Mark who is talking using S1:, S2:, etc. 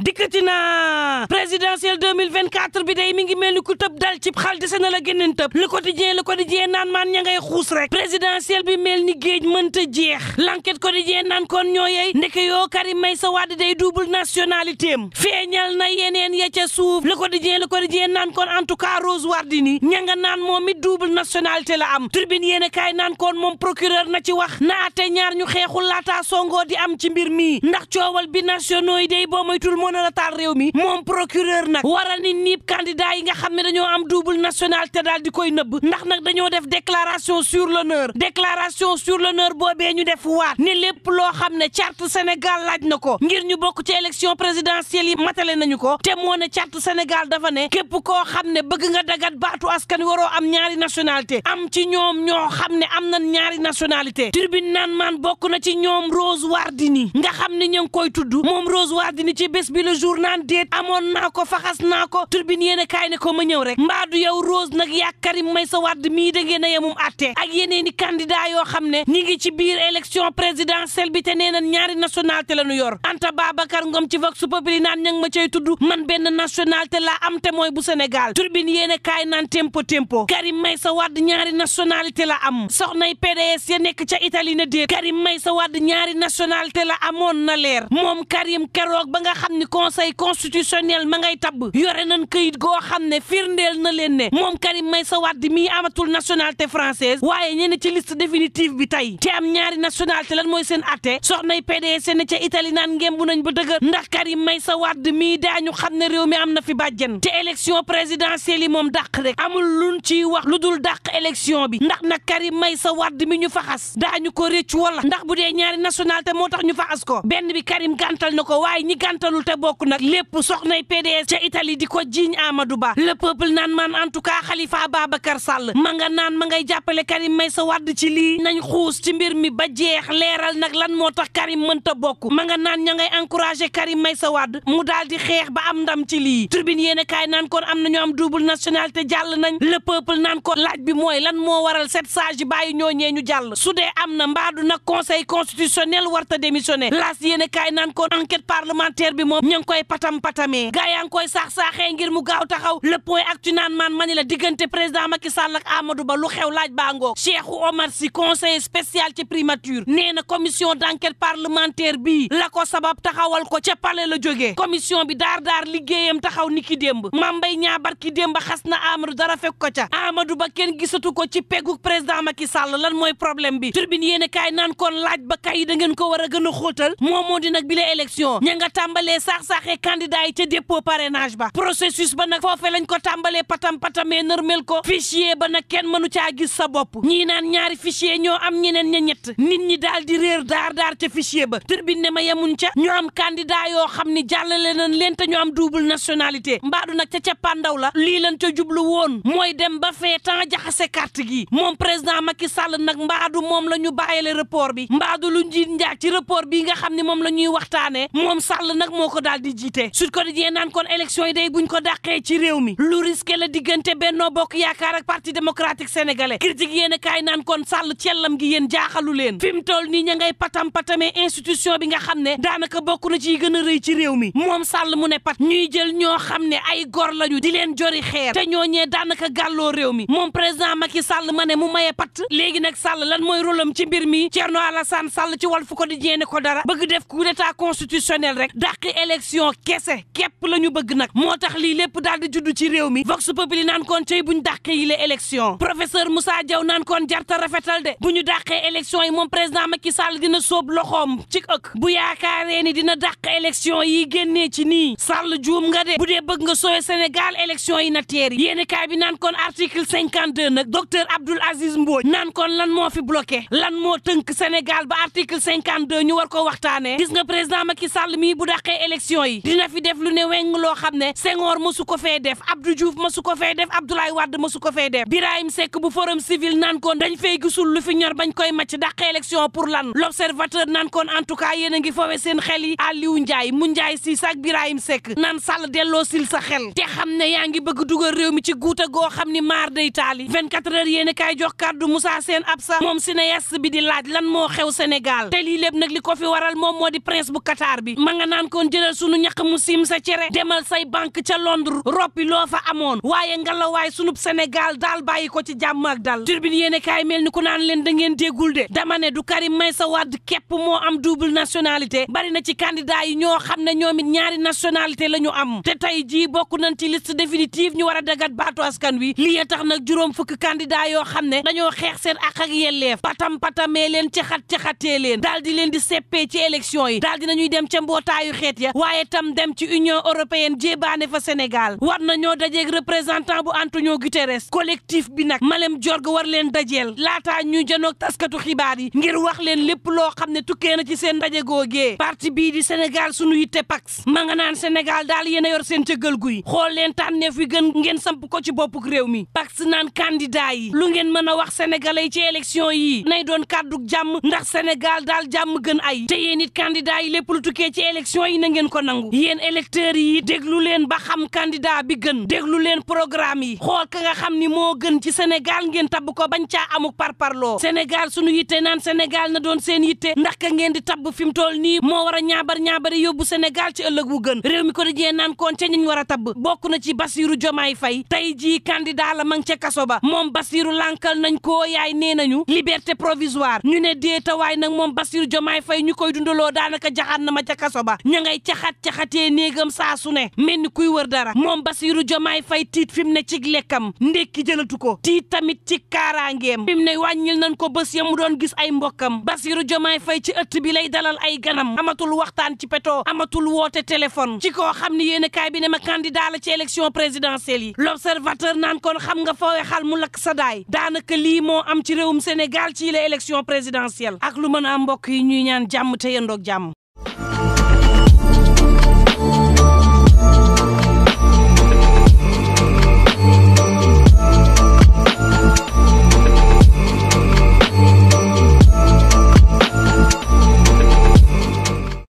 S1: dikkati naa présidentielle 2024 bi day mi ngi mel ni ku tëb dal cib xal dese na la génneen tëb le quotidien naan maan ña ngay xuus rek présidentielle bi mel ni géej mënta jeex l'enquête quotidien naan kon ñoo yey ndeke yoo Karim Meïssa Wade day double nationalité feeñal na yeneen ya ca suuf le quotidien le quotidien naan kon en tout cas Rose Wardini ña nga naan moom it double nationalité la am tribune yéen a kaay naan kon moom procureur na ci wax na atte ñaar ñu xeexul laataa songoo am ci mbir mi ndax coowal mën a taal réew mi moom procureur nag waral ni niib candidat yi nga xam ne dañoo am double nationalité daal di koy nëbb ndax nag dañoo def déclaration sur l'honneur déclaration sur l'honneur boobee ñu def waat ne lépp loo xam ne charte Sénégal laaj na ko ngir ñu bokk ci élection présidentielle yi matale nañu ko te moo ne charte Sénégal dafa ne képp koo xam ne bëgg nga dagat baatu askan waroo am ñaari nationalité am ci ñoom ñoo xam ne am nañ ñaari nationalité tribune naan maan bokk na ci ñoom Rose Wardini nga bi le jour naan déet amoon naa ko faxas naa ko turbine yéen a kaay ne ko ma ñëw rek mbaadu yow Rose nag karin may sa wadd mii da ngeen a yemum àtte ak yeneen i candidat yoo xam ne ñi ngi ci biir élection présidentielle bi te nee na ñaari nationalité la ñu yor Anta Babacar Ngom ci Vox Populi naan ña nga ma cay tuddu man benn nationalité laa am te mooy bu Sénégal turbine yéen a kaay naan tempo tempo Karim Meïssa Wade ñaari nationalité la am soxnay PDS ya nekk ca Italie na déet Karim sa wadd ñaari nationalité la amoon na leer moom Karim keroog ba nga ni conseil constitutionnel ma ngay tabb yore nañ këyit goo xam ne firndeel na leen ne moom Karim Meïssa Wade mii amatul nationalité française waaye ñene ci list définitive bi tey ci am ñaari nationalité lan mooy seen atte soxnay PDS ne ca Italie naan ngembu nañ ba dëgër ndax Karim Meïssa Wade mii daañu xam ne réew mi am na fi bàjjen ci élection présidentielle yi moom dàq rek amul luñ ci wax lu dul dàq élection bi ndax nag Karim Meïssa Wade mi ñu faxas daañu ko rëcc wala ndax bu dee ñaari nationalité moo tax ñu faxas ko benn bi Karim gàntal na ko waaye te bokk nag lépp soxnay PDS ca Italie di ko jiiñ Amadou Ba le peuple naan man en tout cas Khalifa Ababacar Sall ma nga naan ma ngay jàppale Karim Meïssa Wade ci lii nañ xuus ci mbir mi ba jeex leeral nag lan moo tax Karim mënta bokk ma nga naan ña ngay encouragé Karim Meïssa Wade mu daal di xeex ba am ndam ci lii tribune yéen a kaay naan kon am nañu am double nationalité jàll nañ le peuple naan kon laaj bi mooy lan moo waral sept sages yi bàyyi ñu jàll su dee am na mbaadu nag conseil constitutionnel warta démissionné a bi moom moom ngi koy patam patamee gaa yaa ngi koy saax saaxee ngir mu gaaw taxaw le point ak ci naan maan mani la diggante président Macky Sall ak Amadou Ba lu xew laaj baa ngoog Cheikh Omar Sy conseiller spécial ci primature nee na commission d'enquête parlementaire bii la ko sabab taxawal ko ca pale la jógee commission bi daar daar liggéeyam taxaw ni ki démb mambay ñaa barki démb xas na Amadou dara fekk ko ca Amadou Ba kenn gisatu ko ci peggu président Macky Sall lan mooy problème bi turbine yéen a kaay naan kon laaj ba kay da ngeen ko war a gën a xóotal moo moo di nag bi la élection ña nga tàmbalee sax-saxee candidat yi ca dépôt parrainage ba processus ba nag foofee lañ ko tàmbalee patam patamee nërmel ko fichier ba nag kenn mënu caa gis sa bopp ñii naan ñaari fichier ñoo am ñeneen ña ñet nit ñi daal di réer daar daar ca fichier ba turbine ne ma yemuñ ca ñu am candidat yoo xam ni jàllale le leen te ñu am double nationalité mbaadu nag ca pandaw la lii lan ca jublu woon mooy dem ba fee temps jaxase carte gi moom président Macky Sall nag mbaadu moom la ñu bàyyile report bi mbaadu lu njiit njaag ci report nga xam ne moom la ñuy waxtaanee moom Sall nag ko daal di jiite Sud Quotidien naan kon élection yi day buñ ko dàqee ci réew mi lu risqué la diggante Benno Bokk Yaakaar ak Parti démocratique sénégalais critique yéen a kaay naan kon sàll cellam gi yéen jaaxalu leen fi mu toll nii ña ngay patam-patamee institution bi nga xam ne daanaka bokk na ci gën a rëy ci réew mi moom sall mu ne pat ñuy jël ñoo xam ne ay gor lañu di leen jori xeer te ñooñee daanaka gàlloo réew mi moom président Macky Sall ma ne mu maye pat léegi nag Sall lan mooy rôlam ci mbir mi Thierno Alassane Sall ci Walf Quotidien ne ko dara bëgg def coup d'état constitutionnel rek dàqi élection kese képp la ñu bëgg nag moo tax lii lépp daal di juddu ci réew mi vox populi naan kon cey bu ñu dàqee yi la élection professeur Moussa Diaw naan kon jarta rafetal de bu ñu dàqee élection yi moom président Macky Sall dina sóob loxoom ci ëkk bu yaakaaree ni dina dàq élection yi génnee ci nii Sall juum nga de bu dee bëgg nga sooy Sénégal élection yi na teer yi yéeni kaay bi naan kon article 52 nag docteur Abdoul Aziz Mbodj naan kon lan moo fi bloqué lan moo tënk Sénégal ba article 52 ñu war ko waxtaanee gis nga président Macky Sall élection yi dina fi def lu ne weng loo xam ne Senghor mosu ko fee def Abdou Diouf mosu ko fee def Abdoulaye Wade mosu ko fee def Birahim Seck bu forum civil naan koon dañ fay gisul lu fi ñor bañ koy màcc dàq élection pour lan l'observateur naan koon en tout cas yéen a ngi fowe seen xel yi Aliou Ndiaye mu Ndiaye si sax Birahim Seck naan Sall delloo sil sa xel te xam ne yaa ngi bëgg dugal réew mi ci guuta goo xam ni maar day taali 24 heures yéen a kaay jox kàddu Moussa Sène Absa moom si bi di laaj lan moo xew Sénégal te lii lépp nag li ko waral moom moo di prince jëlal sunu ñaq mu siim sa cere demal say banque ca londre roppi loo fa amoon waaye waaye sunub senegal daal bàyyi ko ci jàmm ak dal turbine yéene kaay mel ni ku naan leen da ngeen déggul de dama ne du Karim sa Wade képp moo am double nationalité bari na ci candidat yi ñoo xam ne ñoom it ñaari nationalité la ñu am te tey jii bokk nañ ci liste définitive ñu war a dagat baatu askan wi lii ya tax nag juróom fukk candidat yoo xam ne dañoo xeex seen ak ak yelleef patam patamee leen caxat caxatee leen daal di leen di seppee ci élection yi daal di dem ca mbootaayu xeet ya waaye tam dem ci union européenne jébaane fa Sénégal war na ñoo dajeeg représentant bu Antonio Guterres collectif bi nag Malem Jorg war leen dajeel laataa ñuy janoog taskatu xibaar yi ngir wax leen lépp loo xam ne tukkee na ci seen ndaje googee parti bii di Sénégal sunu yitte pax ma nga naan Sénégal daal yéen a yor seen cëggal guy xool leen tànneef wi gën ngeen samp ko ci boppuk réew mi pax naan candidat yi lu ngeen mën a wax sénégalais ci élection yi nay doon kàddu jàmm ndax Sénégal daal jàmm gën ay te yéen it candidat lépp lu ci élection yi na ngeen ko nangu yéen électeurs yi déglu leen ba xam candidat bi gën déglu leen programme yi xoo ka nga xam ni moo gën ci Sénégal ngeen tabb ko bañ caa amuk parparloo Sénégal sunu yitte naan Sénégal na doon seen yitte ndax ka ngeen di tabb fi mu toll nii moo war a ñaabar ñaabari yóbbu Sénégal ci ëllëg wu gën réew mi ko dajee naan koon ca ñu war a tabb bokk na ci Bassirou Diomaye fay tey jii kandidaa la ma ca kaso ba moom basiiru lankal nañ ko yaay nee nañu liberté provisoire ñu ne déetawaay nag moom Bassirou Diomaye Faye ñu koy dundaloo daanaka jaxaan na ma ca kaso caxat-caxatee néegam saa su ne mel kuy wër dara moom Basiirou Jomaay Fay tiit fi mu ne ci lekkam ndekki jëlatu ko tiit tamit ci kaaraangeem fi mu ne wàññil nañ ko bés ya mu doon gis ay mbokkam Basiirou Jomaay Fay ci ëtt bi lay dalal ay ganam amatul waxtaan ci peto amatul woote téléphone ci koo xam ni yéen a bi ne ma candidat la ci élection présidentielle yi l'observateur naan kon xam nga foowe xal mu lakk sa daay daanaka lii moo am ci réewum Sénégal ci la élection ak lu mën a am mbokk yi ñuy ñaan jàmm te yendoog jàmm